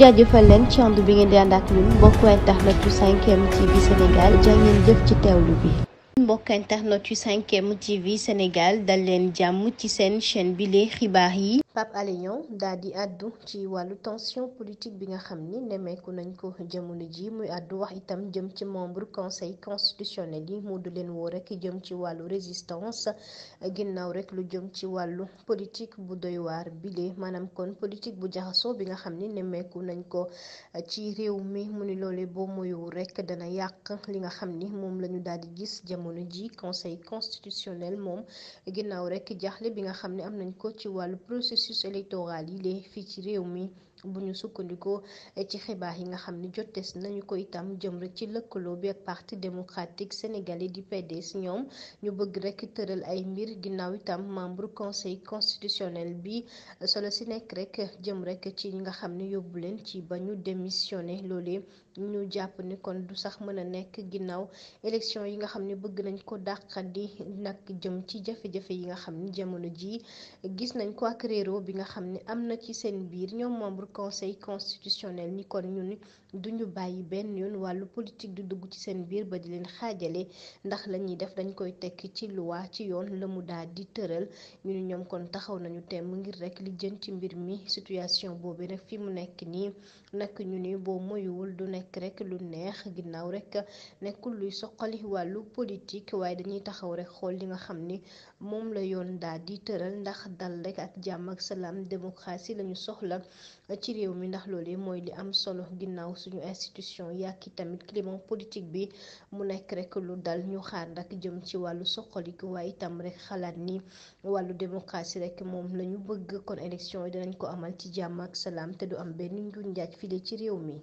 jaajëfal leen ci ànd bi ngeen di ànd ak ñun mbokk internet yu 5M TV Sénégal jàngeen jëf ci teewlu bi mbokk internet yu 5M TV Sénégal dal leen jàmm ci seen chaîne bi xibaar yi Pape Alé Niang daal di àddu ci wàllu tension politique bi nga xam ni nemmeeku nañ ko jamono ji muy àddu wax itam jëm ci membre conseil constitutionnel yi mu du leen woo rek jëm ci wàllu résistance ginnaaw rek lu jëm ci wàllu politique bu doy waar bile maanaam kon politique bu jaxasoo bi nga xam ni nemmeeku nañ ko ci réew mi mu ni loole boo moyuu rek dana yàq li nga xam ni moom la ñu daal di gis jamono ji conseil constitutionnel moom ginnaaw rek jaaxle bi nga processus électoral yi lee fii ci réew mi bu ñu sukkandikoo eh, ci xibaar yi nga xam ne jotees nañu ko itam jëm rek ci lëkkaloo bi ak parti démocratique sénégalais di PDS ñoom ñu bëgg rek tëral ay mbir ginnaaw itam membre conseil constitutionnel bi eh, solo si nekk rek jëm rek ci ñi nga xam ni yóbbu leen ci ba ñu démissionné loolee ñu jàpp ni kon du sax mën a nekk ginnaaw élection yi nga xam ne bëgg nañ ko dàqat di nag jëm ci jafe-jafe yi nga xam ni jamono ji eh, gis nañ ko ak réeroo bi nga xam ne am na ci seen biir ñoom membre conseil constitutionnel ni kon ñu ni duñu bàyyi benn yoon wàllu politique du dugg ci seen biir ba di leen xaajale ndax la def dañ koy tekk ci loi ci yoon la mu daal di tëral ñu ni ñoom kon taxaw nañu temm ngir rek li jën ci mbir mi situation boobu nag fi mu nekk nii nag ñu ni boo moyuwul du nekk rek lu neex ginnaaw rek nekkul luy soqali wàllu politique waaye dañuy taxaw rek xool li nga xam ni moom la yoon daal di tëral ndax dal rek ak jàmm ak salaam démocratie lañu soxla ci réew mi ndax loolee mooy li am solo ginnaaw suñu institution yàq tamit climat politique bi mu nekk rek lu dal ñu xaar nag jëm ci wàllu soqaliku waaye itam rek xalaat ni wàllu démocratie rek moom la ñu bëgg kon élection yi danañ ko amal ci jàmm ak salaam te du am benn njuñ njaaj file ci réew mi.